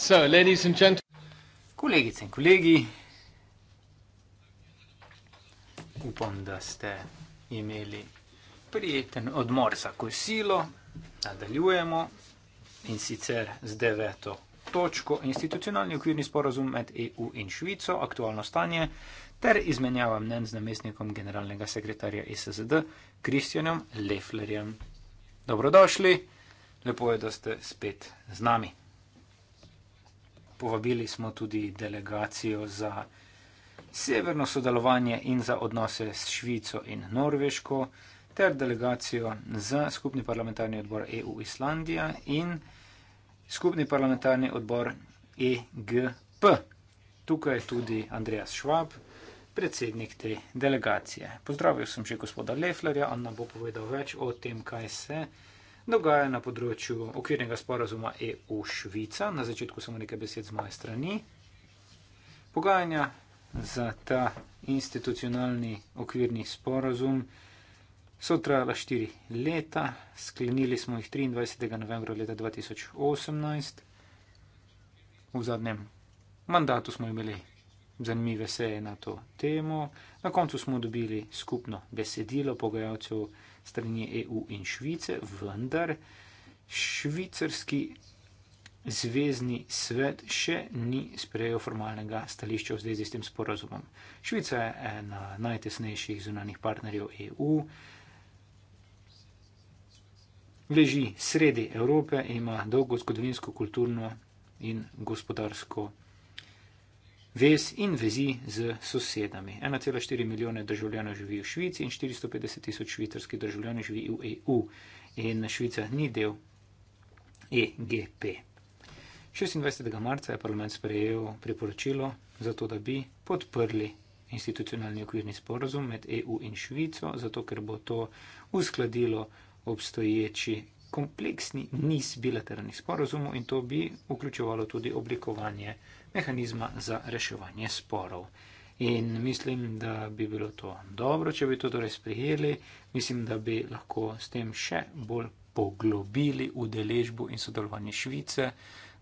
So, ladies and gentlemen. Kolegice in kolegi, upam, da ste imeli prijeten odmor za kosilo. Nadaljujemo in sicer z deveto točko institucionalni okvirni sporozum med EU in Švico, aktualno stanje ter izmenjava mnen z namestnikom generalnega sekretarja e SSD Kristjanom Leflerjem. Dobrodošli, lepo je, da ste spet z nami. Povabili smo tudi delegacijo za severno sodelovanje in za odnose s Švico in Norveško, ter delegacijo za skupni parlamentarni odbor EU Islandija in skupni parlamentarni odbor EGP. Tukaj je tudi Andreas Schwab, predsednik te delegacije. Pozdravil sem že gospoda Leflerja, on nam bo povedal več o tem, kaj se je dogaja na področju okvirnega sporazuma EU-Švica. Na začetku samo nekaj besed z moje strani. Pogajanja za ta institucionalni okvirni sporazum so trajala štiri leta, sklenili smo jih 23. novembra leta 2018. V zadnjem mandatu smo imeli zanimive seje na to temo. Na koncu smo dobili skupno besedilo pogajalcev strani EU in Švice, vendar švicarski zvezdni svet še ni sprejel formalnega stališča v zvezi s tem sporozumom. Švica je ena najtesnejših zunanih partnerjev EU, leži sredi Evrope in ima dolgo zgodovinsko, kulturno in gospodarsko vez in vezi z sosedami. 1,4 milijone državljanov živi v Švici in 450 tisoč švicarskih državljanov živi v EU. In Švica ni del e EGP. 26. marca je parlament sprejel priporočilo za to, da bi podprli institucionalni okvirni sporozum med EU in Švico, zato ker bo to uskladilo obstoječi kompleksni niz bilateralnih sporozumov in to bi vključevalo tudi oblikovanje mehanizma za reševanje sporov. In mislim, da bi bilo to dobro, če bi to torej sprejeli. Mislim, da bi lahko s tem še bolj poglobili udeležbo in sodelovanje Švice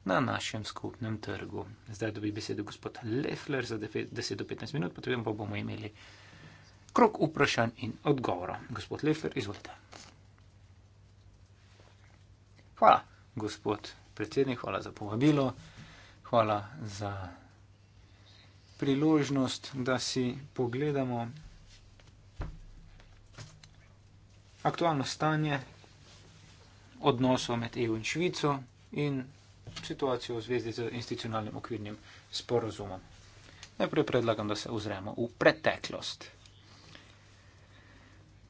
na našem skupnem trgu. Zdaj dobi besedo gospod Lefler za 10 do 15 minut, potem pa bomo imeli krok vprašanj in odgovorov. Gospod Lefler, izvolite. Hvala, gospod predsednik, hvala za povabilo, hvala za priložnost, da si pogledamo aktualno stanje odnosov med EU in Švico in situacijo v zvezi z institucionalnim okvirnim sporozumom. Najprej predlagam, da se ozremo v preteklost.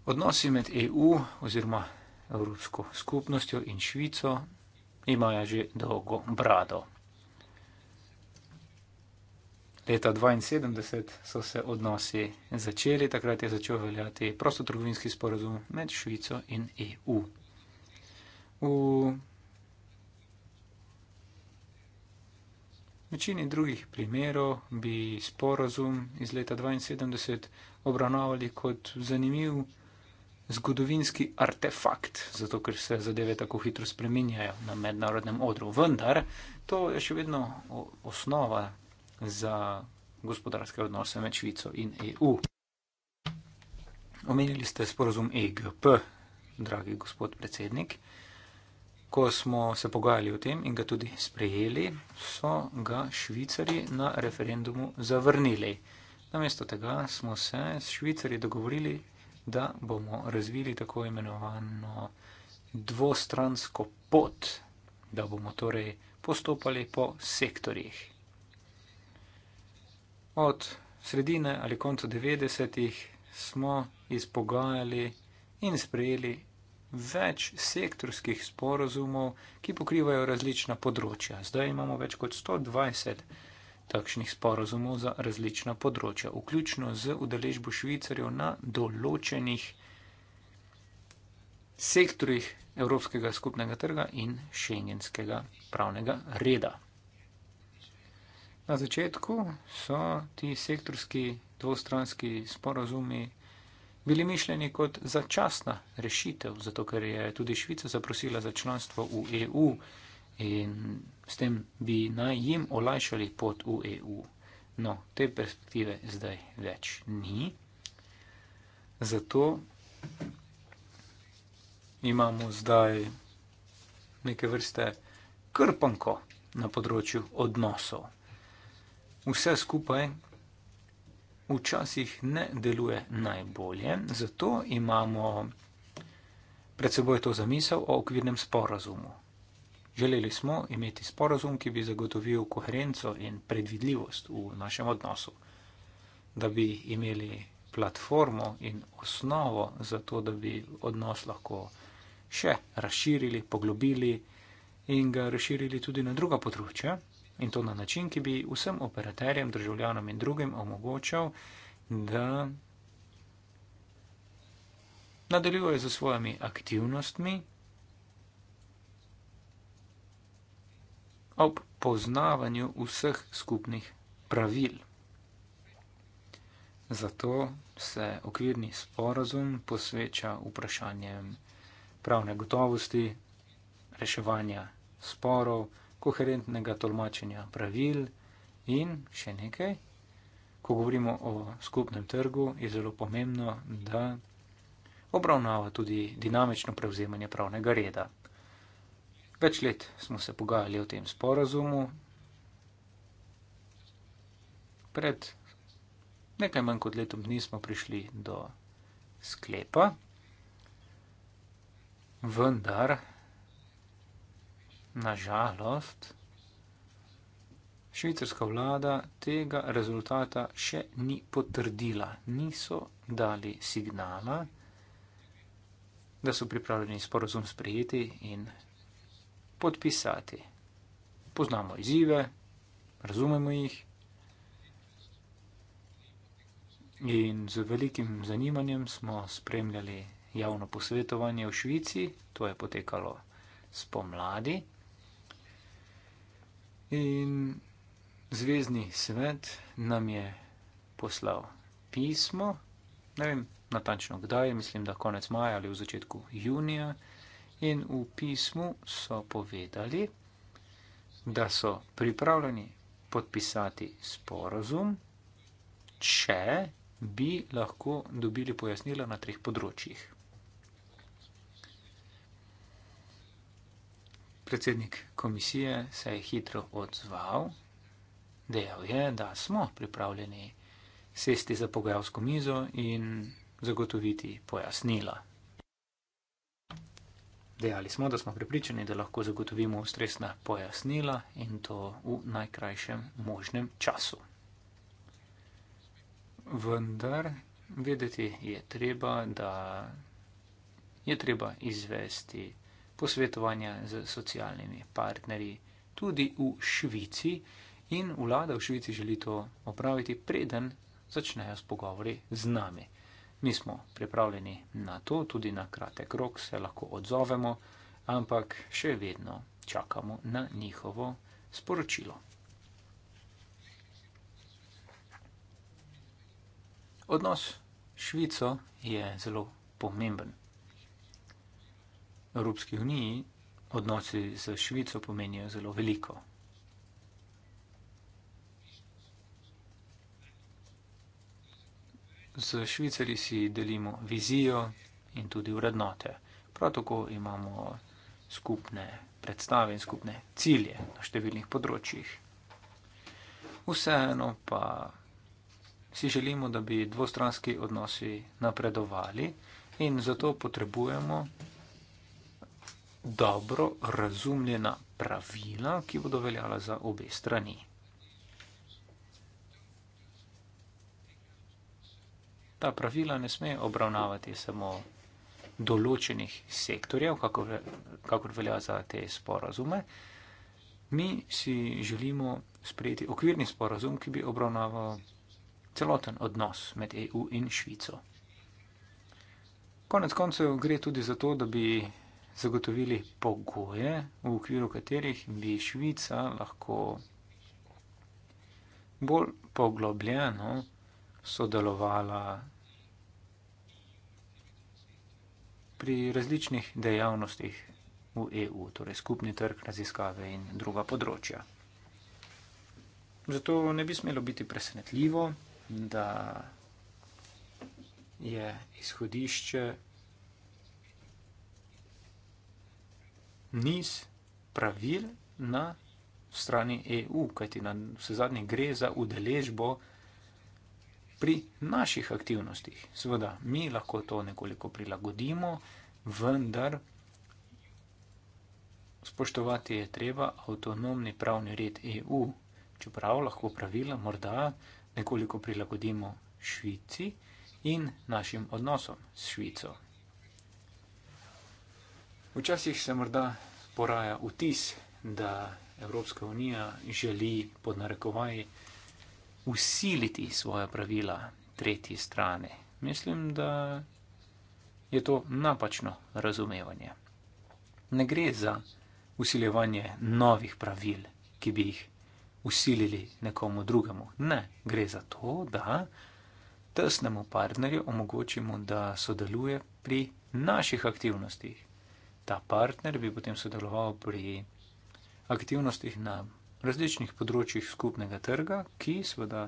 Odnosi med EU oziroma Evropsko skupnostjo in Švico, imajo že dolgo brado. Leta 1972 so se odnosi začeli, takrat je začel veljati prostotrgovinski sporazum med Švico in EU. V večini drugih primerov bi sporazum iz leta 1972 obravnavali kot zanimiv zgodovinski artefakt, zato ker se zadeve tako hitro spreminjajo na mednarodnem odru. Vendar to je še vedno osnova za gospodarske odnose med Švico in EU. Omenili ste sporozum EGP, dragi gospod predsednik. Ko smo se pogajali o tem in ga tudi sprejeli, so ga švicari na referendumu zavrnili. Namesto tega smo se s švicari dogovorili, da bomo razvili tako imenovano dvostransko pot, da bomo torej postopali po sektorjih. Od sredine ali konca 90-ih smo izpogajali in sprejeli več sektorskih sporozumov, ki pokrivajo različna področja. Zdaj imamo več kot 120 sektorjev takšnih sporozumov za različna področja, vključno z udeležbo Švicarjev na določenih sektorjih Evropskega skupnega trga in šengenskega pravnega reda. Na začetku so ti sektorski dvostranski sporozumi bili mišljeni kot začasna rešitev, zato ker je tudi Švica zaprosila za članstvo v EU in s tem bi naj jim olajšali pot v EU. No, te perspektive zdaj več ni. Zato imamo zdaj neke vrste krpanko na področju odnosov. Vse skupaj včasih ne deluje najbolje, zato imamo pred seboj to zamisel o okvirnem sporazumu. Želeli smo imeti sporozum, ki bi zagotovil koherenco in predvidljivost v našem odnosu, da bi imeli platformo in osnovo za to, da bi odnos lahko še razširili, poglobili in ga razširili tudi na druga področja in to na način, ki bi vsem operaterjem, državljanom in drugim omogočal, da nadaljujejo z svojimi aktivnostmi, ob poznavanju vseh skupnih pravil. Zato se okvirni sporazum posveča vprašanjem pravne gotovosti, reševanja sporov, koherentnega tolmačenja pravil in še nekaj. Ko govorimo o skupnem trgu, je zelo pomembno, da obravnava tudi dinamično prevzemanje pravnega reda. Več let smo se pogajali o tem sporazumu. Pred nekaj manj kot letom dni smo prišli do sklepa, vendar nažalost švicarska vlada tega rezultata še ni potrdila. Niso dali signala, da so pripravljeni sporazum sprejeti in podpisati. Poznamo izzive, razumemo jih in z velikim zanimanjem smo spremljali javno posvetovanje v Švici, to je potekalo spomladi. In Zvezdni svet nam je poslal pismo, ne vem natančno kdaj, mislim, da konec maja ali v začetku junija in v pismu so povedali, da so pripravljeni podpisati sporozum, če bi lahko dobili pojasnila na treh področjih. Predsednik komisije se je hitro odzval, dejal je, da smo pripravljeni sesti za pogajalsko mizo in zagotoviti pojasnila. Dejali smo, da smo pripričani, da lahko zagotovimo ustrezna pojasnila in to v najkrajšem možnem času. Vendar vedeti je treba, da je treba izvesti posvetovanja z socialnimi partnerji tudi v Švici in vlada v Švici želi to opraviti, preden začnejo s pogovori z nami. Mi smo pripravljeni na to, tudi na kratek rok se lahko odzovemo, ampak še vedno čakamo na njihovo sporočilo. Odnos Švico je zelo pomemben. V Evropski uniji odnosi z Švico pomenijo zelo veliko. Z Švicari si delimo vizijo in tudi vrednote. Prav tako imamo skupne predstave in skupne cilje na številnih področjih. Vseeno pa si želimo, da bi dvostranski odnosi napredovali in zato potrebujemo dobro razumljena pravila, ki bodo veljala za obe strani. ta pravila ne sme obravnavati samo določenih sektorjev, kako, kako velja za te sporazume. Mi si želimo sprejeti okvirni sporazum, ki bi obravnaval celoten odnos med EU in Švico. Konec koncev gre tudi za to, da bi zagotovili pogoje, v okviru katerih bi Švica lahko bolj poglobljeno sodelovala pri različnih dejavnostih v EU, torej skupni trg, raziskave in druga področja. Zato ne bi smelo biti presenetljivo, da je izhodišče niz pravil na strani EU, kajti na vse zadnje gre za udeležbo pri naših aktivnostih. Seveda, mi lahko to nekoliko prilagodimo, vendar spoštovati je treba avtonomni pravni red EU, čeprav lahko pravila morda nekoliko prilagodimo Švici in našim odnosom s Švico. Včasih se morda poraja vtis, da Evropska unija želi pod narekovaji usiliti svoje pravila tretji strani. Mislim, da je to napačno razumevanje. Ne gre za usiljevanje novih pravil, ki bi jih usilili nekomu drugemu. Ne, gre za to, da tesnemu partnerju omogočimo, da sodeluje pri naših aktivnostih. Ta partner bi potem sodeloval pri aktivnostih na različnih področjih skupnega trga, ki seveda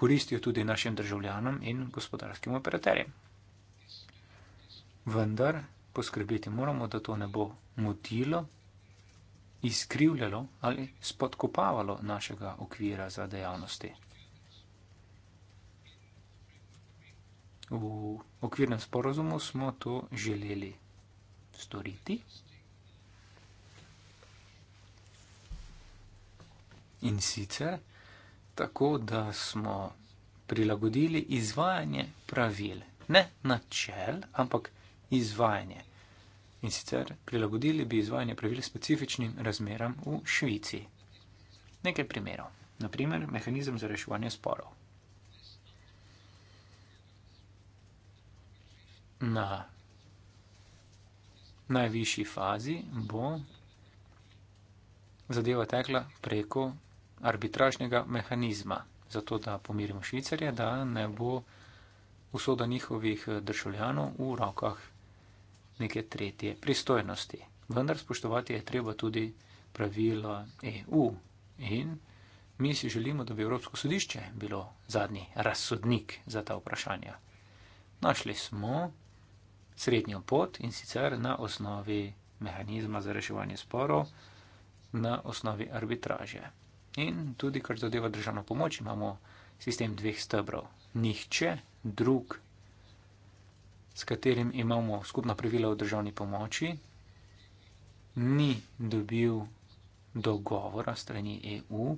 koristijo tudi našim državljanom in gospodarskim operaterjem. Vendar poskrbeti moramo, da to ne bo motilo, izkrivljalo ali spodkopavalo našega okvira za dejavnosti. V okvirnem sporazumu smo to želeli storiti. In sicer tako, da smo prilagodili izvajanje pravil, ne načel, ampak izvajanje. In sicer prilagodili bi izvajanje pravil specifičnim razmeram v Švici. Nekaj primerov. Naprimer, mehanizem za reševanje sporov. Na najvišji fazi bo zadeva tekla preko arbitražnega mehanizma, zato da pomirimo Švicarje, da ne bo usoda njihovih eh, državljanov v rokah neke tretje pristojnosti. Vendar spoštovati je treba tudi pravila EU in mi si želimo, da bi Evropsko sodišče bilo zadnji razsodnik za ta vprašanja. Našli smo srednjo pot in sicer na osnovi mehanizma za reševanje sporov, na osnovi arbitraže. In tudi, kar zadeva državno pomoč, imamo sistem dveh stebrov. Nihče drug, s katerim imamo skupna pravila o državni pomoči, ni dobil dogovora strani EU,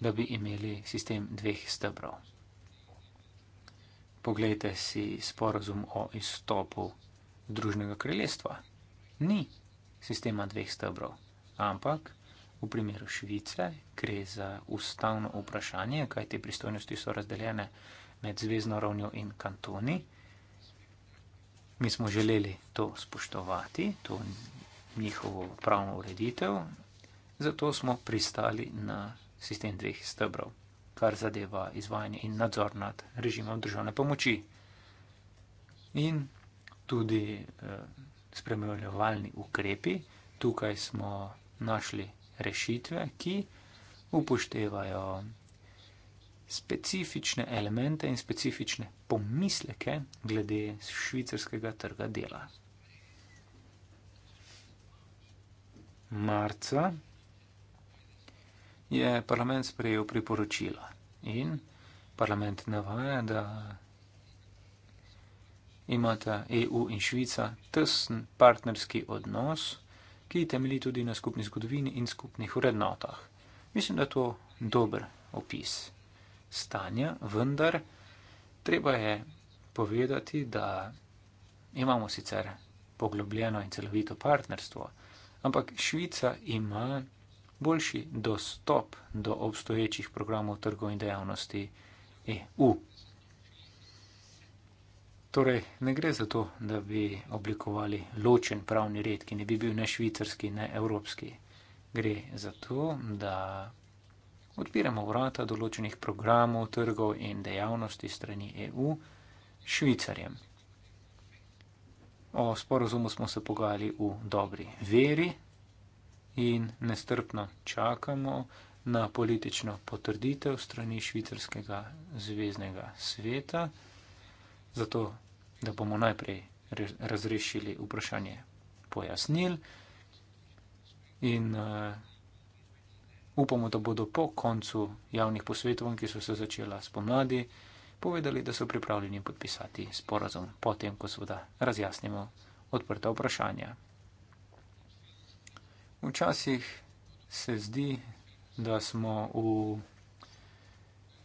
da bi imeli sistem dveh stebrov. Poglejte si sporozum o izstopu Združnega kraljestva. Ni sistema dveh stebrov, ampak V primeru Švice gre za ustavno vprašanje, kaj te pristojnosti so razdeljene med zvezdno ravnjo in kantoni. Mi smo želeli to spoštovati, to njihovo pravno ureditev, zato smo pristali na sistem dveh stebrov, kar zadeva izvajanje in nadzor nad režimom državne pomoči in tudi eh, spremljevalni ukrepi. Tukaj smo našli rešitve, ki upoštevajo specifične elemente in specifične pomisleke glede švicarskega trga dela. Marca je parlament sprejel priporočila in parlament navaja, da imata EU in Švica tesen partnerski odnos ki temelji tudi na skupni zgodovini in skupnih vrednotah. Mislim, da je to dober opis stanja, vendar treba je povedati, da imamo sicer poglobljeno in celovito partnerstvo, ampak Švica ima boljši dostop do obstoječih programov trgov in dejavnosti EU. Torej, ne gre za to, da bi oblikovali ločen pravni red, ki ne bi bil ne švicarski, ne evropski. Gre za to, da odpiramo vrata določenih programov, trgov in dejavnosti strani EU švicarjem. O sporozumu smo se pogajali v dobri veri in nestrpno čakamo na politično potrditev strani švicarskega zvezdnega sveta zato da bomo najprej razrešili vprašanje pojasnil in uh, upamo, da bodo po koncu javnih posvetov, ki so se začela spomladi, povedali, da so pripravljeni podpisati sporazum, potem, ko seveda razjasnimo odprta vprašanja. Včasih se zdi, da smo v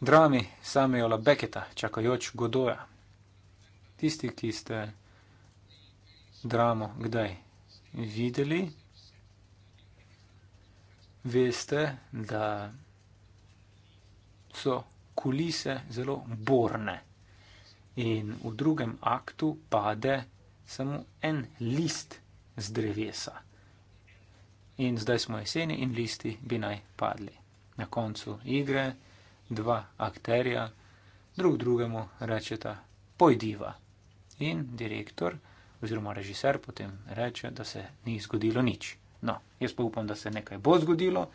drami Samuela Beketa, čakajoč Godoja tisti, ki ste dramo kdaj videli, veste, da so kulise zelo borne in v drugem aktu pade samo en list z drevesa. In zdaj smo jeseni in listi bi naj padli. Na koncu igre dva akterja drug drugemu rečeta pojdiva in direktor oziroma režiser potem reče, da se ni zgodilo nič. No, jaz pa upam, da se nekaj bo zgodilo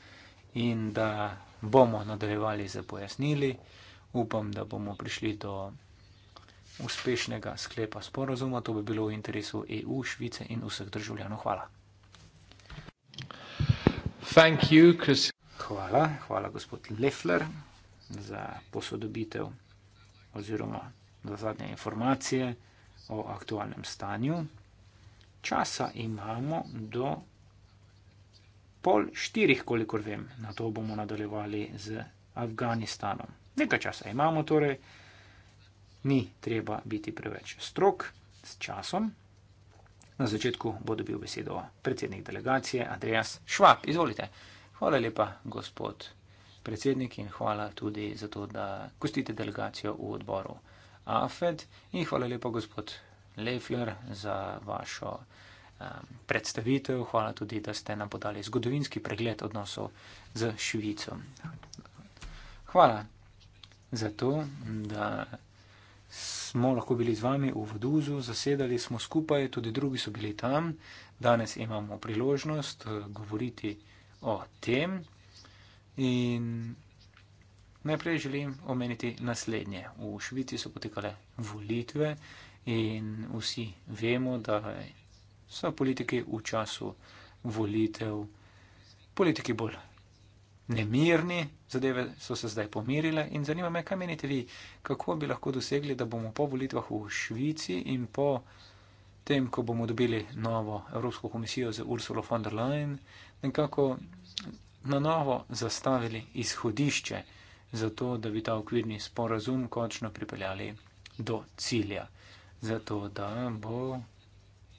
in da bomo nadaljevali z pojasnili. Upam, da bomo prišli do uspešnega sklepa sporozuma. To bi bilo v interesu EU, Švice in vseh državljanov. Hvala. You, Chris. Hvala, hvala gospod Leffler za posodobitev oziroma za zadnje informacije o aktualnem stanju. Časa imamo do pol štirih, kolikor vem, na to bomo nadaljevali z Afganistanom. Nekaj časa imamo, torej ni treba biti preveč strok s časom. Na začetku bo dobil besedo predsednik delegacije Andreas Schwab. Izvolite. Hvala lepa, gospod predsednik, in hvala tudi za to, da gostite delegacijo v odboru. Afed in hvala lepa gospod Leifler za vašo um, predstavitev. Hvala tudi, da ste nam podali zgodovinski pregled odnosov z Švico. Hvala za to, da smo lahko bili z vami v Vduzu, zasedali smo skupaj, tudi drugi so bili tam. Danes imamo priložnost eh, govoriti o tem. In Najprej želim omeniti naslednje. V Švici so potekale volitve in vsi vemo, da so politiki v času volitev politiki bolj nemirni, zadeve so se zdaj pomirile in zanima me, kaj menite vi, kako bi lahko dosegli, da bomo po volitvah v Švici in po tem, ko bomo dobili novo Evropsko komisijo za Ursula von der Leyen, nekako na novo zastavili izhodišče zato da bi ta okvirni sporazum končno pripeljali do cilja, zato da bo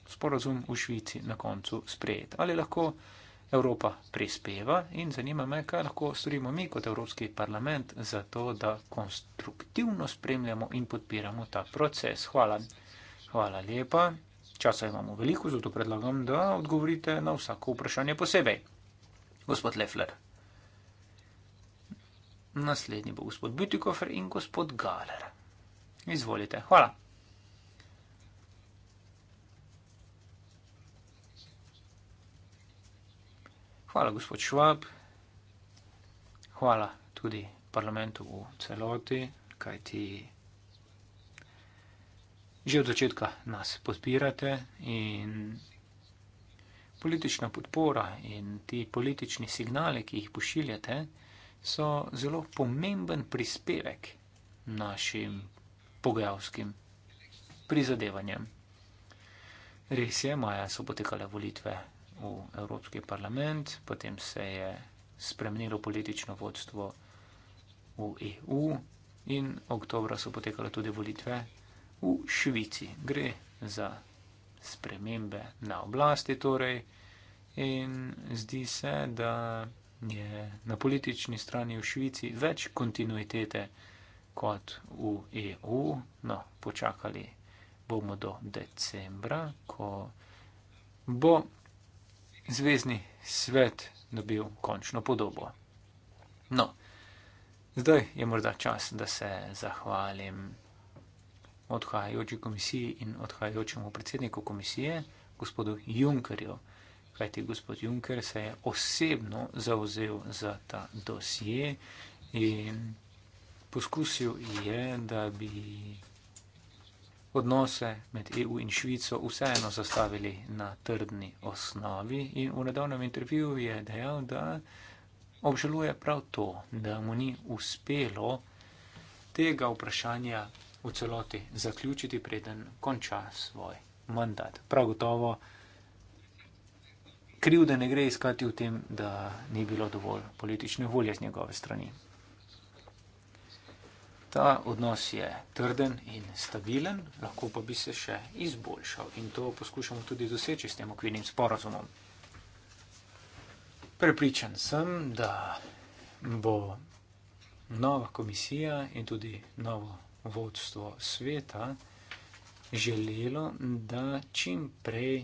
sporazum v Švici na koncu sprejet. Ali lahko Evropa prispeva in zanima me, kaj lahko storimo mi kot Evropski parlament, zato da konstruktivno spremljamo in podpiramo ta proces. Hvala. Hvala lepa. Časa imamo veliko, zato predlagam, da odgovorite na vsako vprašanje posebej. Gospod Lefler. Naslednji bo gospod Butikofer in gospod Galer. Izvolite, hvala. Hvala, gospod Švab. Hvala tudi parlamentu v celoti, kaj ti že od začetka nas podpirate in politična podpora in ti politični signali, ki jih pošiljate, so zelo pomemben prispevek našim pogajalskim prizadevanjem. Res je, maja so potekale volitve v Evropski parlament, potem se je spremenilo politično vodstvo v EU in oktobra so potekale tudi volitve v Švici. Gre za spremembe na oblasti torej in zdi se, da je na politični strani v Švici več kontinuitete kot v EU. No, počakali bomo do decembra, ko bo zvezdni svet dobil končno podobo. No, zdaj je morda čas, da se zahvalim odhajajoči komisiji in odhajajočemu predsedniku komisije, gospodu Junkerju kajti gospod Juncker se je osebno zauzel za ta dosje in poskusil je, da bi odnose med EU in Švico vseeno zastavili na trdni osnovi in v nedavnem intervjuju je dejal, da obžaluje prav to, da mu ni uspelo tega vprašanja v celoti zaključiti, preden konča svoj mandat. Prav gotovo krivde ne gre iskati v tem, da ni bilo dovolj politične volje z njegove strani. Ta odnos je trden in stabilen, lahko pa bi se še izboljšal in to poskušamo tudi doseči s tem okvirnim sporazumom. Prepričan sem, da bo nova komisija in tudi novo vodstvo sveta želelo, da čim prej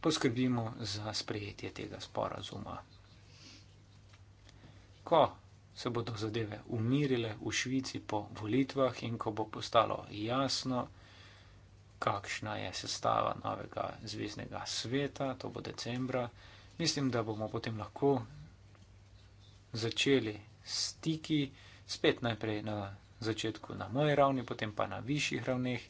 poskrbimo za sprejetje tega sporazuma. Ko se bodo zadeve umirile v Švici po volitvah in ko bo postalo jasno, kakšna je sestava novega zvezdnega sveta, to bo decembra, mislim, da bomo potem lahko začeli stiki, spet najprej na začetku na moji ravni, potem pa na višjih ravneh,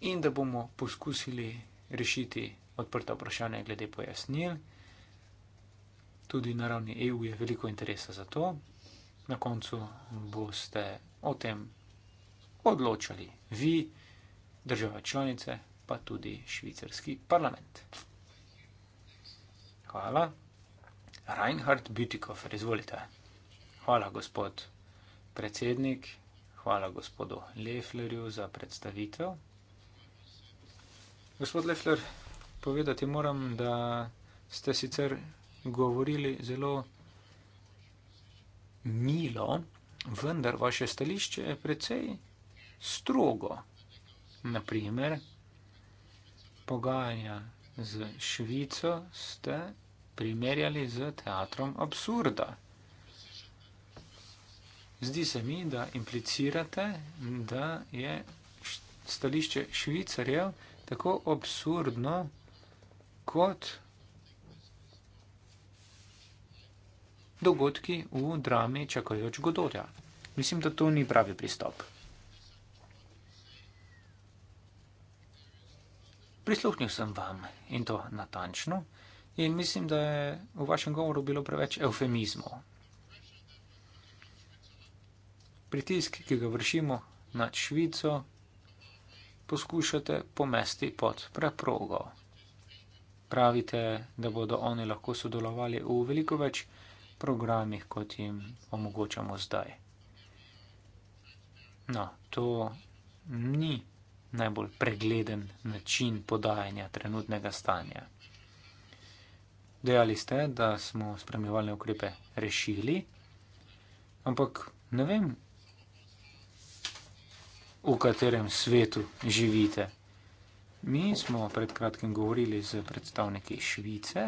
in da bomo poskusili rešiti odprta vprašanja glede pojasnil. Tudi na ravni EU je veliko interesa za to. Na koncu boste o tem odločali vi, države članice, pa tudi švicarski parlament. Hvala. Reinhard Bütikov, izvolite. Hvala, gospod predsednik. Hvala gospodu Leflerju za predstavitev. Gospod Lefler, povedati moram, da ste sicer govorili zelo milo, vendar vaše stališče je precej strogo. Naprimer, pogajanja z Švico ste primerjali z teatrom absurda. Zdi se mi, da implicirate, da je stališče Švicarjev tako absurdno, kot dogodki v drami čakajoč Godotja. Mislim, da to ni pravi pristop. Prisluhnil sem vam in to natančno in mislim, da je v vašem govoru bilo preveč eufemizmov. Pritisk, ki ga vršimo nad Švico, poskušate pomesti pod preprogo. Pravite, da bodo oni lahko sodelovali v veliko več programih, kot jim omogočamo zdaj. No, to ni najbolj pregleden način podajanja trenutnega stanja. Dejali ste, da smo spremljevalne ukrepe rešili, ampak ne vem, v katerem svetu živite. Mi smo pred kratkim govorili z predstavniki Švice,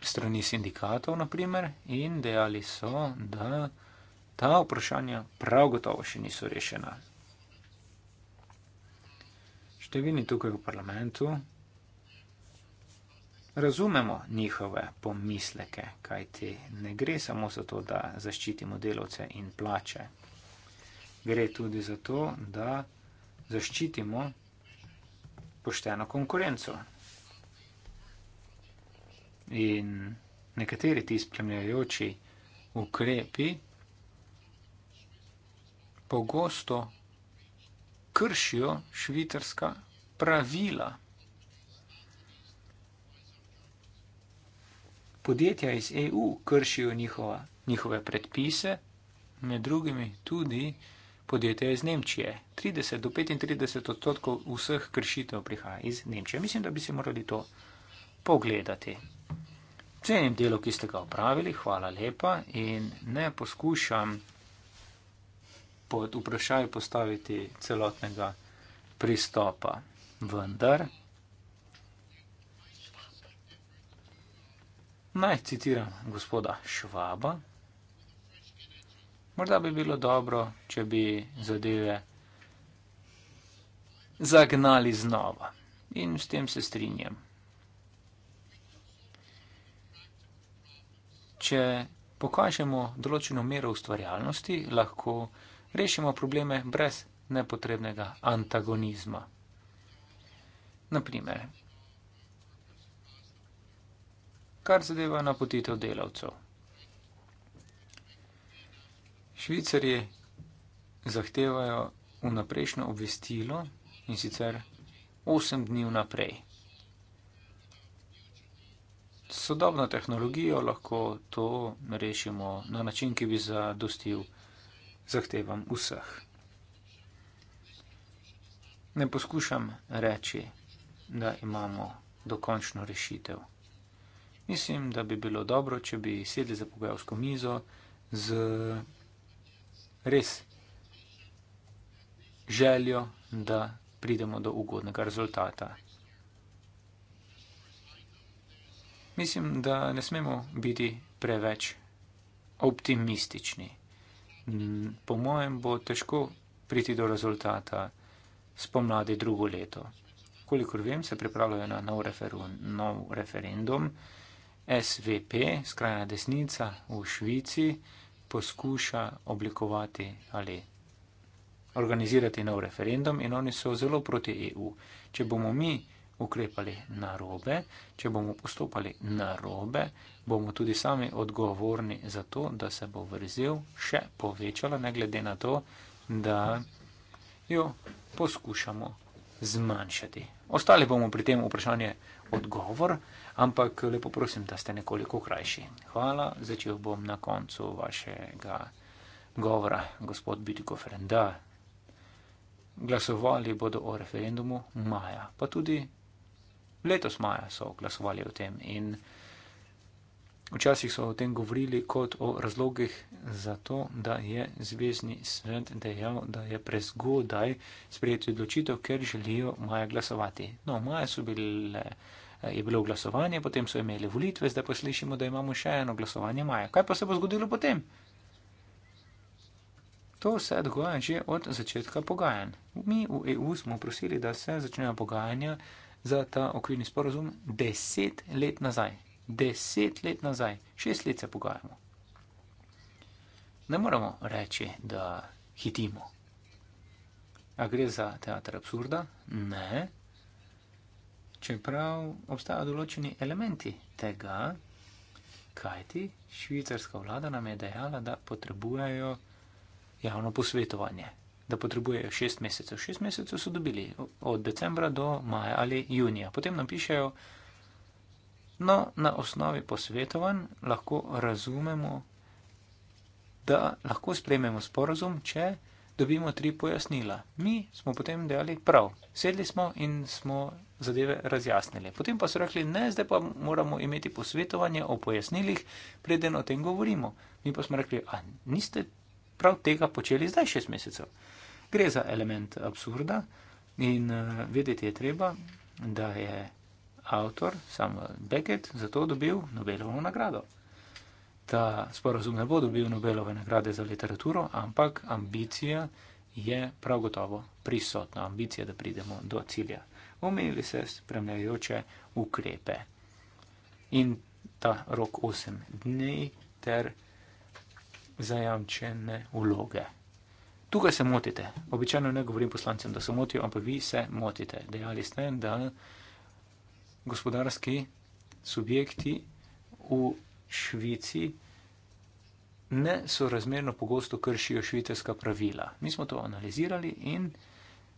strani sindikatov, naprimer, in dejali so, da ta vprašanja prav gotovo še niso rešena. Številni tukaj v parlamentu razumemo njihove pomisleke, kajti ne gre samo za to, da zaščitimo delovce in plače, gre tudi za to, da zaščitimo pošteno konkurenco. In nekateri ti spremljajoči ukrepi pogosto kršijo švitrska pravila. Podjetja iz EU kršijo njihova, njihove predpise, med drugimi tudi podjetja iz Nemčije. 30 do 35 odstotkov vseh kršitev prihaja iz Nemčije. Mislim, da bi si morali to pogledati. Cenim delo, ki ste ga opravili, hvala lepa in ne poskušam pod vprašaj postaviti celotnega pristopa. Vendar naj citiram gospoda Švaba, Morda bi bilo dobro, če bi zadeve zagnali znova. In s tem se strinjam. Če pokažemo določeno mero ustvarjalnosti, lahko rešimo probleme brez nepotrebnega antagonizma. Naprimer, kar zadeva napotitev delavcev. Švicari zahtevajo vnaprejšnjo obvestilo in sicer 8 dni vnaprej. Sodobno tehnologijo lahko to rešimo na način, ki bi zadostil zahtevam vseh. Ne poskušam reči, da imamo dokončno rešitev. Mislim, da bi bilo dobro, če bi sedeli za pogajalsko mizo z res željo, da pridemo do ugodnega rezultata. Mislim, da ne smemo biti preveč optimistični. Mm, po mojem bo težko priti do rezultata spomladi drugo leto. Kolikor vem, se pripravljajo na nov, nov referendum SVP, skrajna desnica v Švici poskuša oblikovati ali organizirati nov referendum in oni so zelo proti EU. Če bomo mi ukrepali na robe, če bomo postopali na robe, bomo tudi sami odgovorni za to, da se bo vrzel še povečala, ne glede na to, da jo poskušamo zmanjšati. Ostali bomo pri tem vprašanje odgovor, ampak lepo prosim, da ste nekoliko krajši. Hvala, začel bom na koncu vašega govora, gospod Bitikofer. Da, glasovali bodo o referendumu maja, pa tudi letos maja so glasovali o tem in. Včasih so o tem govorili kot o razlogih za to, da je zvezdni svet dejal, da je prezgodaj sprejeti odločitev, ker želijo maja glasovati. No, maja so bile, je bilo glasovanje, potem so imeli volitve, zdaj pa slišimo, da imamo še eno glasovanje maja. Kaj pa se bo zgodilo potem? To se dogaja že od začetka pogajanj. Mi v EU smo prosili, da se začnejo pogajanja za ta okvirni sporozum deset let nazaj, deset let nazaj, šest let se pogajamo. Ne moremo reči, da hitimo. A gre za teater absurda? Ne. Čeprav obstajajo določeni elementi tega, kajti švicarska vlada nam je dejala, da potrebujejo javno posvetovanje, da potrebujejo šest mesecev. Šest mesecev so dobili od decembra do maja ali junija. Potem nam pišejo, da No, na osnovi posvetovanj lahko razumemo, da lahko sprejmemo sporozum, če dobimo tri pojasnila. Mi smo potem dejali prav, sedli smo in smo zadeve razjasnili. Potem pa so rekli, ne, zdaj pa moramo imeti posvetovanje o pojasnilih, preden o tem govorimo. Mi pa smo rekli, a niste prav tega počeli zdaj šest mesecev. Gre za element absurda in eh, vedeti je treba, da je avtor, sam Beckett, za to dobil Nobelovo nagrado. Ta sporozum ne bo dobil Nobelove nagrade za literaturo, ampak ambicija je prav gotovo prisotna, ambicija, da pridemo do cilja. Omenili se spremljajoče ukrepe in ta rok 8 dni ter zajamčene vloge. Tukaj se motite. Običajno ne govorim poslancem, da se motijo, ampak vi se motite. Dejali ste, da gospodarski subjekti v Švici ne so razmerno pogosto kršijo švicarska pravila. Mi smo to analizirali in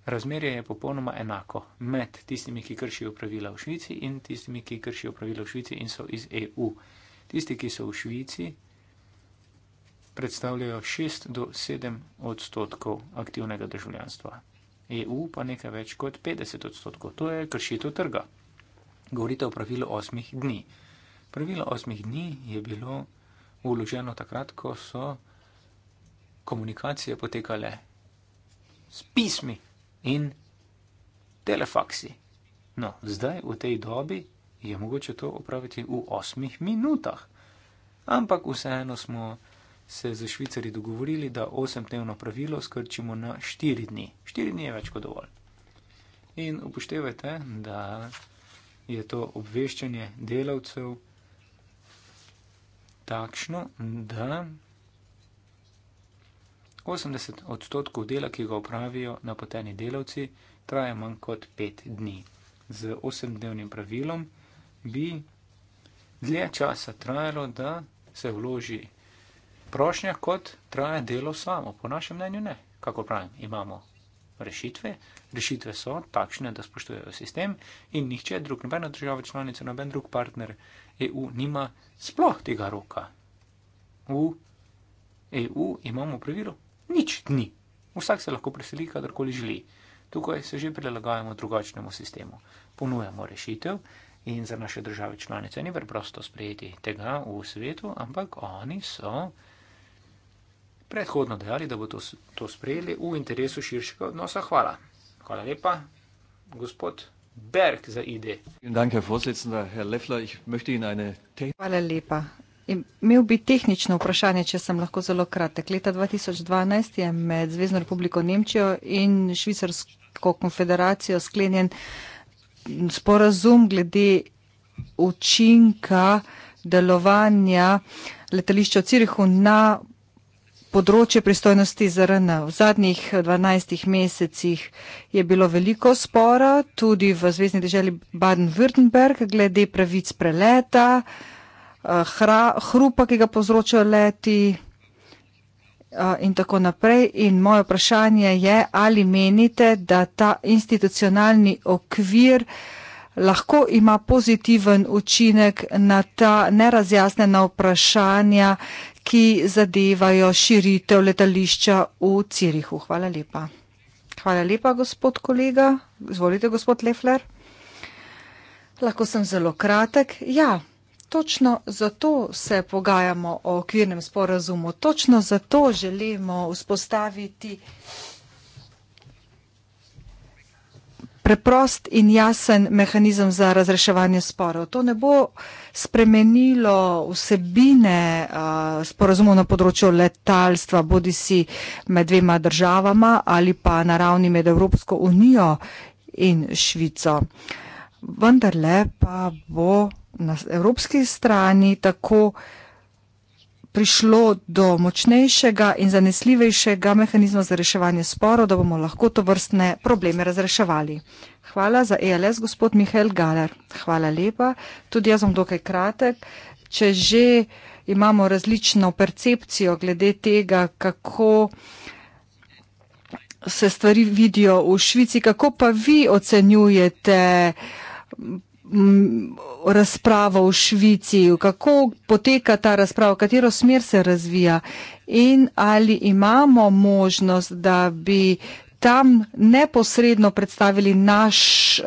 razmerje je popolnoma enako med tistimi, ki kršijo pravila v Švici in tistimi, ki kršijo pravila v Švici in so iz EU. Tisti, ki so v Švici, predstavljajo 6 do 7 odstotkov aktivnega državljanstva. EU pa nekaj več kot 50 odstotkov. To je kršitev trga govorite o pravilu osmih dni. Pravilo osmih dni je bilo uloženo takrat, ko so komunikacije potekale s pismi in telefaksi. No, zdaj v tej dobi je mogoče to opraviti v osmih minutah. Ampak vseeno smo se z Švicari dogovorili, da osemdnevno pravilo skrčimo na štiri dni. Štiri dni je več kot dovolj. In upoštevajte, da je to obveščanje delavcev takšno, da 80 odstotkov dela, ki ga opravijo napoteni delavci, traja manj kot 5 dni. Z 8-dnevnim pravilom bi dlje časa trajalo, da se vloži prošnja, kot traja delo samo. Po našem mnenju ne. Kako pravim, imamo rešitve. Rešitve so takšne, da spoštujejo sistem in nihče drug, nobena država članica, noben drug partner EU nima sploh tega roka. V EU imamo pravilo nič dni. Vsak se lahko preseli, kadarkoli želi. Tukaj se že prilagajamo drugačnemu sistemu. Ponujamo rešitev in za naše države članice ni preprosto sprejeti tega v svetu, ampak oni so predhodno dejali, da bo to, to sprejeli v interesu širšega odnosa. Hvala. Hvala lepa, gospod. Berg za ID. Hvala lepa. Imel bi tehnično vprašanje, če sem lahko zelo kratek. Leta 2012 je med Zvezdno republiko Nemčijo in Švicarsko konfederacijo sklenjen sporazum glede učinka delovanja letališča v Cirihu na področje pristojnosti ZRN. V zadnjih 12 mesecih je bilo veliko spora, tudi v Zvezdni državi Baden-Württemberg, glede pravic preleta, eh, hra, hrupa, ki ga povzročajo leti eh, in tako naprej. In moje vprašanje je, ali menite, da ta institucionalni okvir lahko ima pozitiven učinek na ta nerazjasnena vprašanja, ki zadevajo širitev letališča v Cirihu. Hvala lepa. Hvala lepa, gospod kolega. Izvolite, gospod Lefler. Lahko sem zelo kratek. Ja, točno zato se pogajamo o okvirnem sporazumu. Točno zato želimo vzpostaviti. preprost in jasen mehanizem za razreševanje sporov. To ne bo spremenilo vsebine uh, sporazumov na področju letalstva, bodi si med dvema državama ali pa na ravni med Evropsko unijo in Švico. Vendarle pa bo na evropski strani tako uh, prišlo do močnejšega in zanesljivejšega mehanizma za reševanje sporo, da bomo lahko to vrstne probleme razreševali. Hvala za ELS, gospod Mihajl Galer. Hvala lepa. Tudi jaz bom dokaj kratek. Če že imamo različno percepcijo glede tega, kako se stvari vidijo v Švici, kako pa vi ocenjujete razprava v Švici, kako poteka ta razprava, v katero smer se razvija in ali imamo možnost, da bi tam neposredno predstavili naš, eh,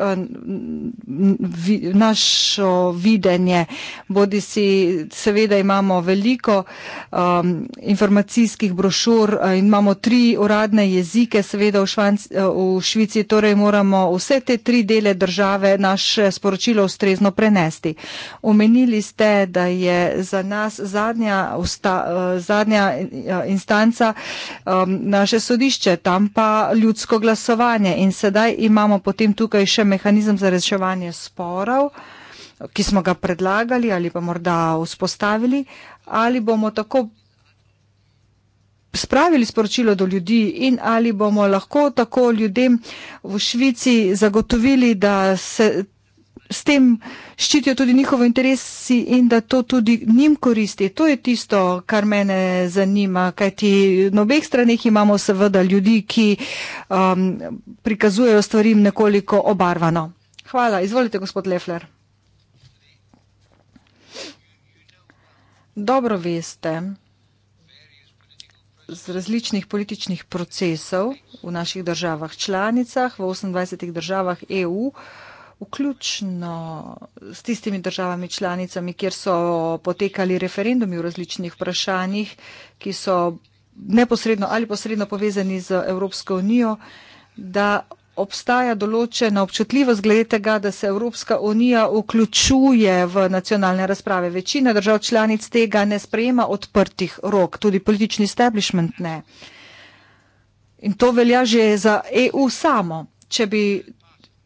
našo videnje. Bodi si, seveda imamo veliko um, informacijskih brošur eh, in imamo tri uradne jezike, seveda v, Švanc, eh, v Švici, torej moramo vse te tri dele države naše sporočilo ustrezno prenesti. Omenili ste, da je za nas zadnja, usta, zadnja instanca um, naše sodišče, tam pa ljudi ljudsko glasovanje in sedaj imamo potem tukaj še mehanizem za reševanje sporov, ki smo ga predlagali ali pa morda vzpostavili, ali bomo tako spravili sporočilo do ljudi in ali bomo lahko tako ljudem v Švici zagotovili, da se s tem ščitijo tudi njihovi interesi in da to tudi njim koristi. To je tisto, kar mene zanima, kajti na obeh stranih imamo seveda ljudi, ki um, prikazujejo stvarim nekoliko obarvano. Hvala, izvolite, gospod Lefler. Dobro veste, z različnih političnih procesov v naših državah članicah, v 28 državah EU, vključno s tistimi državami članicami, kjer so potekali referendumi v različnih vprašanjih, ki so neposredno ali posredno povezani z Evropsko unijo, da obstaja določena občutljivost glede tega, da se Evropska unija vključuje v nacionalne razprave. Večina držav članic tega ne sprejema odprtih rok, tudi politični establishment ne. In to velja že za EU samo. Če bi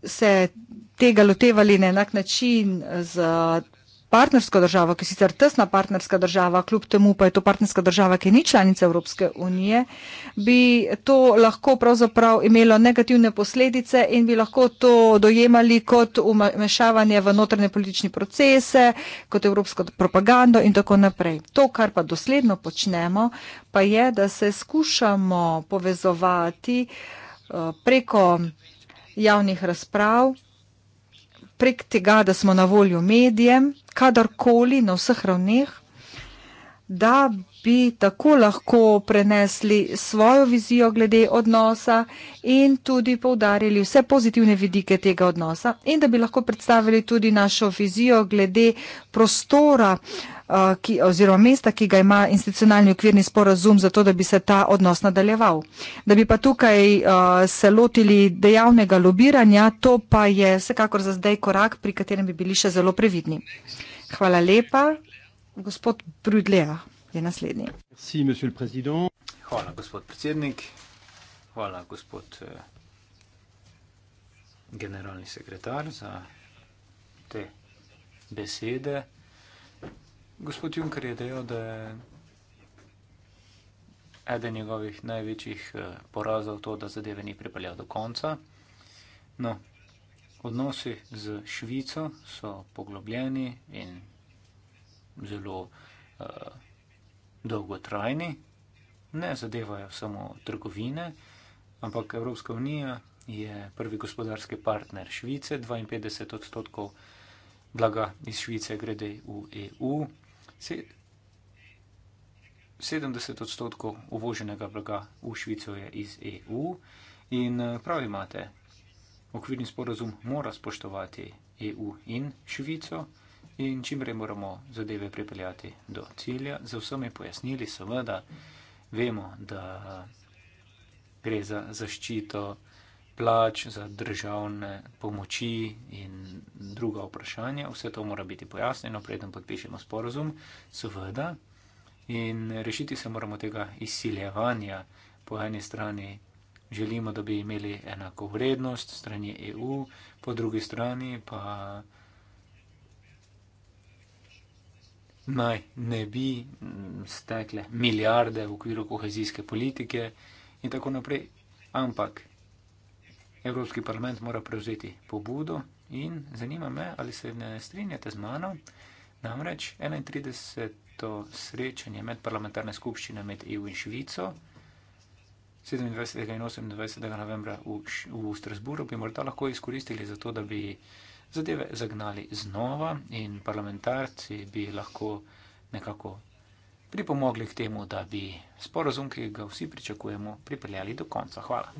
se tega lotevali na enak način eh, z partnersko državo, ki je sicer tesna partnerska država, kljub temu pa je to partnerska država, ki ni članica Evropske unije, bi to lahko pravzaprav imelo negativne posledice in bi lahko to dojemali kot umešavanje v notrne politične procese, kot evropsko propagando in tako naprej. To, kar pa dosledno počnemo, pa je, da se skušamo povezovati eh, preko javnih razprav prek tega, da smo na voljo medijem, kadarkoli, na vseh ravneh, da bi tako lahko prenesli svojo vizijo glede odnosa in tudi povdarili vse pozitivne vidike tega odnosa in da bi lahko predstavili tudi našo vizijo glede prostora uh, ki, oziroma mesta, ki ga ima institucionalni okvirni sporazum za to, da bi se ta odnos nadaljeval. Da bi pa tukaj uh, se lotili dejavnega lobiranja, to pa je vsekakor za zdaj korak, pri katerem bi bili še zelo previdni. Hvala lepa. Gospod Brudleja je naslednji. Si, Hvala, gospod predsednik. Hvala, gospod eh, generalni sekretar, za te besede. Gospod Juncker je dejal, da je eden njegovih največjih eh, porazov to, da zadeve ni pripeljal do konca. No, odnosi z Švico so poglobljeni in zelo uh, dolgotrajni, ne zadevajo samo trgovine, ampak Evropska unija je prvi gospodarski partner Švice, 52 odstotkov blaga iz Švice grede v EU, 70 odstotkov uvoženega blaga v Švico je iz EU in eh, prav imate, okvirni sporozum mora spoštovati EU in Švico in čim prej moramo zadeve pripeljati do cilja. Za vsemi pojasnili seveda vemo, da gre za zaščito plač, za državne pomoči in druga vprašanja. Vse to mora biti pojasneno, predem podpišemo sporozum, seveda. In rešiti se moramo tega izsiljevanja. Po eni strani želimo, da bi imeli enako vrednost strani EU, po drugi strani pa. naj ne bi mm, stekle milijarde v okviru kohezijske politike in tako naprej. Ampak Evropski parlament mora prevzeti pobudo in zanima me, ali se ne strinjate z mano, namreč 31. srečanje med parlamentarne skupščine med EU in Švico 27. in 28. novembra v, Š v Strasburu bi morda lahko izkoristili za to, da bi zadeve zagnali znova in parlamentarci bi lahko nekako pripomogli k temu, da bi sporozum, ki ga vsi pričakujemo, pripeljali do konca. Hvala.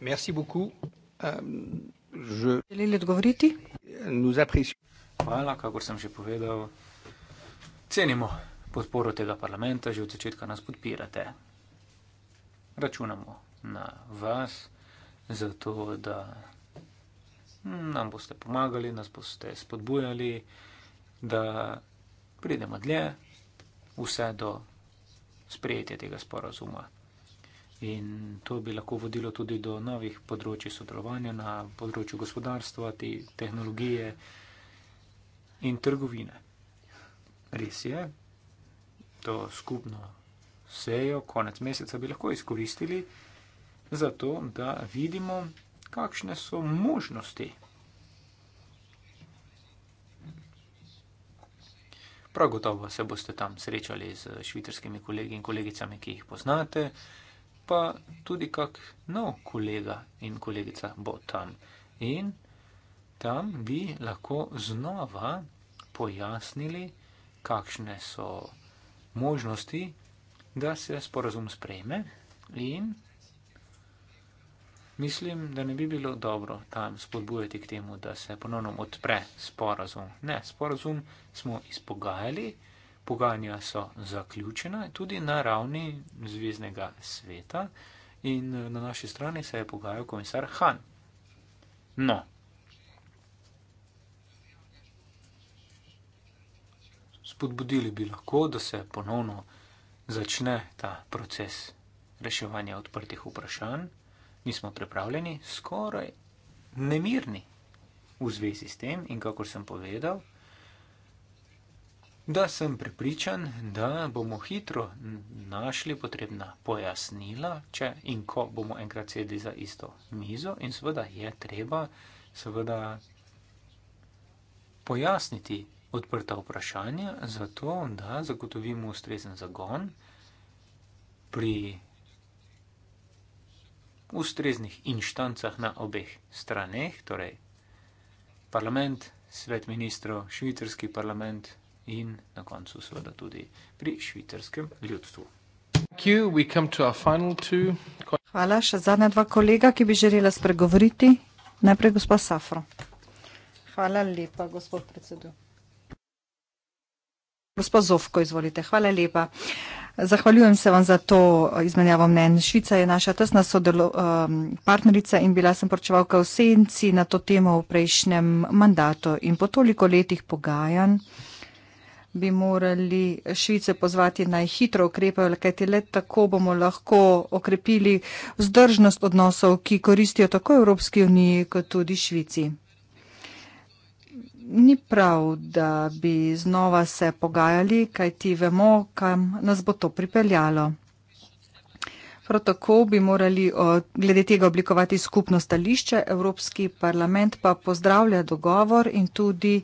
Merci beaucoup. Želeli odgovoriti? Hvala, kakor sem že povedal. Cenimo podporo tega parlamenta, že od začetka nas podpirate. Računamo na vas, zato da nam boste pomagali, nas boste spodbujali, da pridemo dlje, vse do sprejetja tega sporazuma. In to bi lahko vodilo tudi do novih področji sodelovanja na področju gospodarstva, te tehnologije in trgovine. Res je, to skupno sejo konec meseca bi lahko izkoristili za to, da vidimo, kakšne so možnosti. Prav gotovo se boste tam srečali z švicarskimi kolegi in kolegicami, ki jih poznate, pa tudi kak nov kolega in kolegica bo tam. In tam bi lahko znova pojasnili, kakšne so možnosti, da se sporazum sprejme in Mislim, da ne bi bilo dobro tam spodbujati k temu, da se ponovno odpre sporazum. Ne, sporazum smo izpogajali, pogajanja so zaključena tudi na ravni zvezdnega sveta in eh, na naši strani se je pogajal komisar Han. No. Spodbudili bi lahko, da se ponovno začne ta proces reševanja odprtih vprašanj nismo pripravljeni, skoraj nemirni v zvezi s tem. In kako sem povedal, da sem pripričan, da bomo hitro našli potrebna pojasnila, če in ko bomo enkrat sedeli za isto mizo, in seveda je treba seveda pojasniti odprta vprašanja, zato da zagotovimo ustrezen zagon. Pri ustreznih inštancah na obeh straneh, torej parlament, svet ministrov, švicarski parlament in na koncu seveda tudi pri švicarskem ljudstvu. Hvala, še zadnja dva kolega, ki bi želela spregovoriti. Najprej gospa Safro. Hvala lepa, gospod predsedujoči. Gospod Zovko, izvolite. Hvala lepa. Uh, Zahvaljujem se vam za to izmenjavo mnen. Švica je naša tesna sodelo, um, partnerica in bila sem poročevalka v senci na to temo v prejšnjem mandatu. In po toliko letih pogajanj bi morali Švice pozvati naj hitro ukrepajo, kajti le tako bomo lahko okrepili vzdržnost odnosov, ki koristijo tako Evropski uniji kot tudi Švici ni prav, da bi znova se pogajali, kaj ti vemo, kam nas bo to pripeljalo. Prav tako bi morali glede tega oblikovati skupno stališče, Evropski parlament pa pozdravlja dogovor in tudi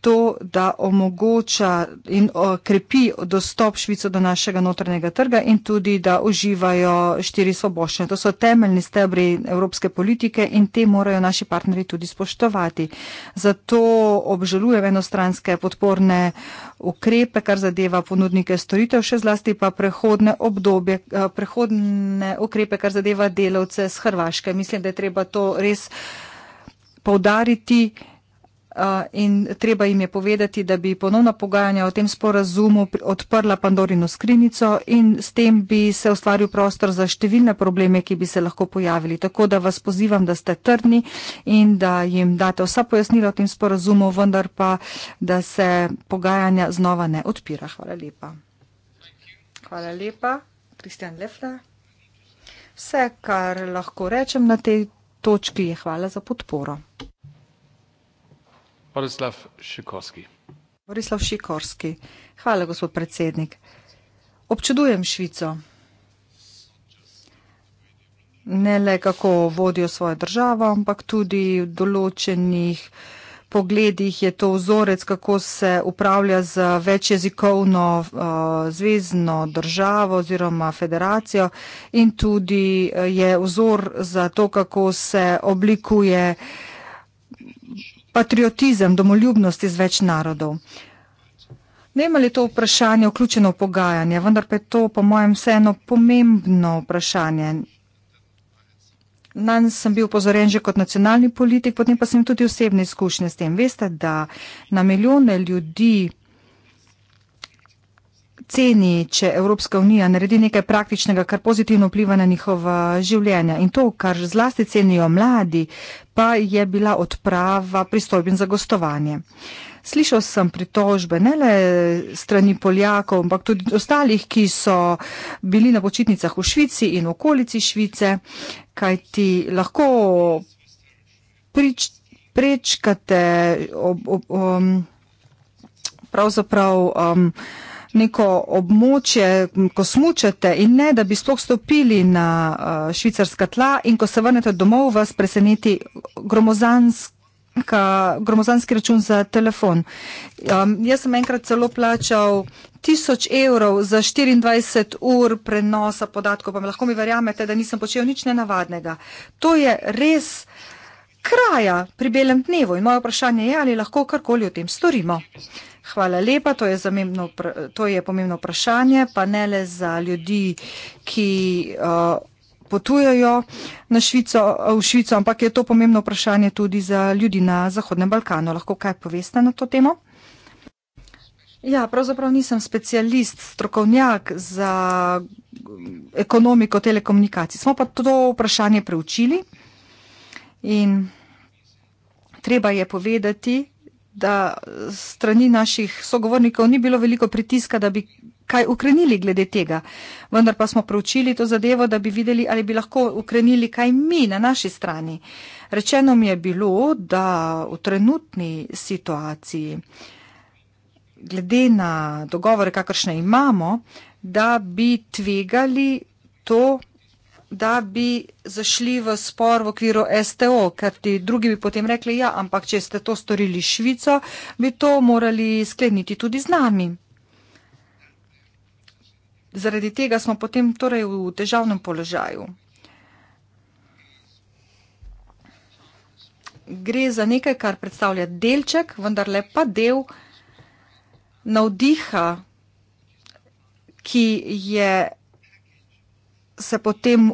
to, da omogoča in krepi dostop Švico do našega notranjega trga in tudi, da uživajo štiri svoboščine. To so temeljni stebri evropske politike in te morajo naši partnerji tudi spoštovati. Zato obžalujem enostranske podporne ukrepe, kar zadeva ponudnike storitev, še zlasti pa prehodne obdobje, eh, prehodne ukrepe, kar zadeva delavce z Hrvaške. Mislim, da je treba to res. Poudariti, Eh, in treba jim je povedati, da bi ponovna pogajanja o tem sporazumu odprla Pandorino skrinico in s tem bi se ustvaril prostor za številne probleme, ki bi se lahko pojavili. Tako da vas pozivam, da ste trdni in da jim date vsa pojasnila o tem sporazumu, vendar pa, da se pogajanja znova ne odpira. Hvala lepa. Hvala lepa, Kristjan Lefler. Vse, kar lahko rečem na tej točki, je hvala za podporo. Borislav Šikorski. Borislav Šikorski, hvala, gospod predsednik. Občudujem Švico. Ne le kako vodijo svojo državo, ampak tudi v določenih pogledih je to vzorec, kako se upravlja z večjezikovno eh, zvezdno državo oziroma federacijo in tudi eh, je vzor za to, kako se oblikuje patriotizem, domoljubnost iz več narodov. Ne vem, ali je to vprašanje vključeno v pogajanje, vendar pa je to po mojem vseeno pomembno vprašanje. Nanj sem bil upozoren že kot nacionalni politik, potem pa sem tudi osebne izkušnje s tem. Veste, da na milijone ljudi ceni, če Evropska unija naredi nekaj praktičnega, kar pozitivno vpliva na njihova življenja. In to, kar zlasti cenijo mladi, pa je bila odprava pristojbin za gostovanje. Slišal sem pritožbe ne le strani Poljakov, ampak tudi ostalih, ki so bili na počitnicah v Švici in okolici Švice, kaj ti lahko prič, prečkate ob, ob, um, pravzaprav um, neko območje, ko smučete in ne, da bi sploh stopili na eh, švicarska tla in ko se vrnete domov, vas preseneti gromozansko. Gromozanski račun za telefon. Um, jaz sem enkrat celo plačal 1000 evrov za 24 ur prenosa podatkov, pa mi lahko mi verjamete, da nisem počel nič nenavadnega. To je res kraja pri belem dnevu in moje vprašanje je, ali lahko karkoli o tem storimo. Hvala lepa. To je, zamembno, to je pomembno vprašanje, pa ne le za ljudi, ki uh, potujejo Švico, v Švico, ampak je to pomembno vprašanje tudi za ljudi na Zahodnem Balkanu. Lahko kaj poveste na to temo? Ja, pravzaprav nisem specialist, strokovnjak za mm, ekonomiko telekomunikacij. Smo pa to vprašanje preučili in treba je povedati, da strani naših sogovornikov ni bilo veliko pritiska, da bi kaj ukrenili glede tega. Vendar pa smo proučili to zadevo, da bi videli, ali bi lahko ukrenili kaj mi na naši strani. Rečeno mi je bilo, da v trenutni situaciji, glede na dogovore, kakršne imamo, da bi tvegali to, da bi zašli v spor v okviru STO, ker ti drugi bi potem rekli, ja, ampak če ste to storili Švico, bi to morali skleniti tudi z nami. Zaradi tega smo potem torej v težavnem položaju. Gre za nekaj, kar predstavlja delček, vendar le pa del navdiha, ki je se potem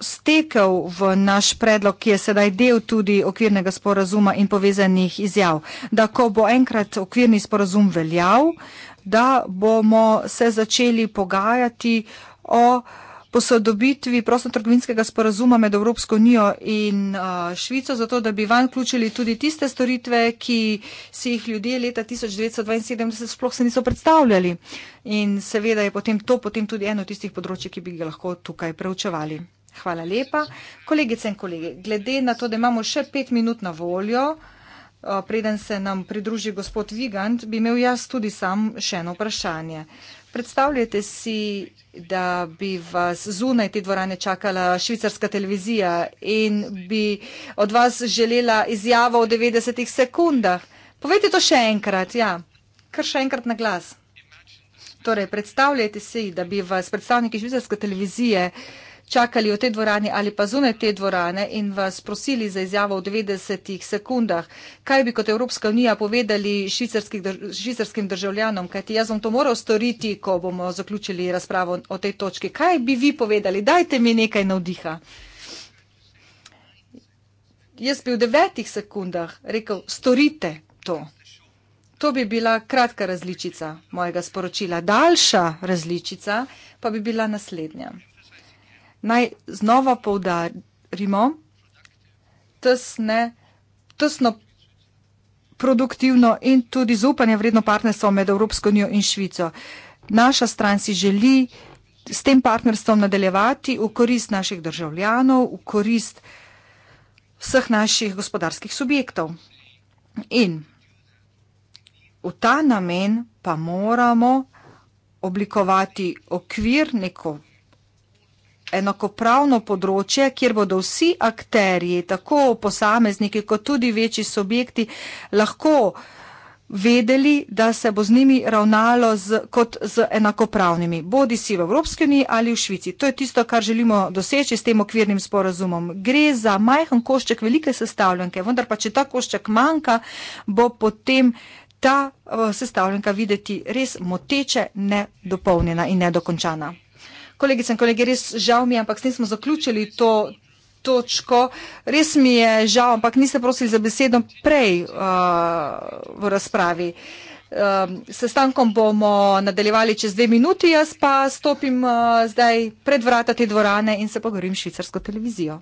stekel v naš predlog, ki je sedaj del tudi okvirnega sporazuma in povezanih izjav, da ko bo enkrat okvirni sporazum veljav, da bomo se začeli pogajati o uh, posodobitvi prostotrgovinskega sporazuma med Evropsko unijo in uh, Švico, zato da bi van vključili tudi tiste storitve, ki si jih ljudje leta 1972 sploh se niso predstavljali. In seveda je potem to potem tudi eno od tistih področji, ki bi ga lahko tukaj preučevali. Hvala lepa. Kolegice in kolege, glede na to, da imamo še pet minut na voljo, uh, preden se nam pridruži gospod Vigant, bi imel jaz tudi sam še eno vprašanje. Predstavljajte si, da bi vas zunaj te dvorane čakala švicarska televizija in bi od vas želela izjavo v 90 sekundah. Povejte to še enkrat, ja, kar še enkrat na glas. Torej, predstavljajte si, da bi vas predstavniki švicarske televizije uh, čakali v tej dvorani ali pa zunaj te dvorane in vas prosili za izjavo v 90 sekundah, kaj bi kot Evropska unija povedali švicarskim državljanom, kajti jaz bom to moral storiti, ko bomo zaključili razpravo o tej točki. Kaj bi vi povedali? Dajte mi nekaj navdiha. Jaz bi v devetih sekundah rekel, storite to. To bi bila kratka različica mojega sporočila. Daljša različica pa bi bila naslednja naj znova poudarimo tesne, tesno produktivno in tudi zaupanje vredno partnerstvo med Evropsko unijo in Švico. Naša stran si želi s tem partnerstvom nadaljevati v korist naših državljanov, v korist vseh naših gospodarskih subjektov. In v ta namen pa moramo oblikovati okvir, neko enakopravno področje, kjer bodo vsi akterji, tako posamezniki, kot tudi večji subjekti, lahko vedeli, da se bo z njimi ravnalo z, kot z enakopravnimi, bodi si v Evropski uniji ali v Švici. To je tisto, kar želimo doseči s tem okvirnim sporazumom. Gre za majhen košček velike sestavljanke, vendar pa, če ta košček manjka, bo potem ta eh, sestavljanka videti res moteče, nedopolnjena in nedokončana. Kolegice in kolege, res žal mi je, ampak s tem smo zaključili to točko. Res mi je žal, ampak niste prosili za besedo prej uh, v razpravi. Uh, sestankom bomo nadaljevali čez dve minuti, jaz pa stopim uh, zdaj pred vrata te dvorane in se pogovorim s švicarsko televizijo.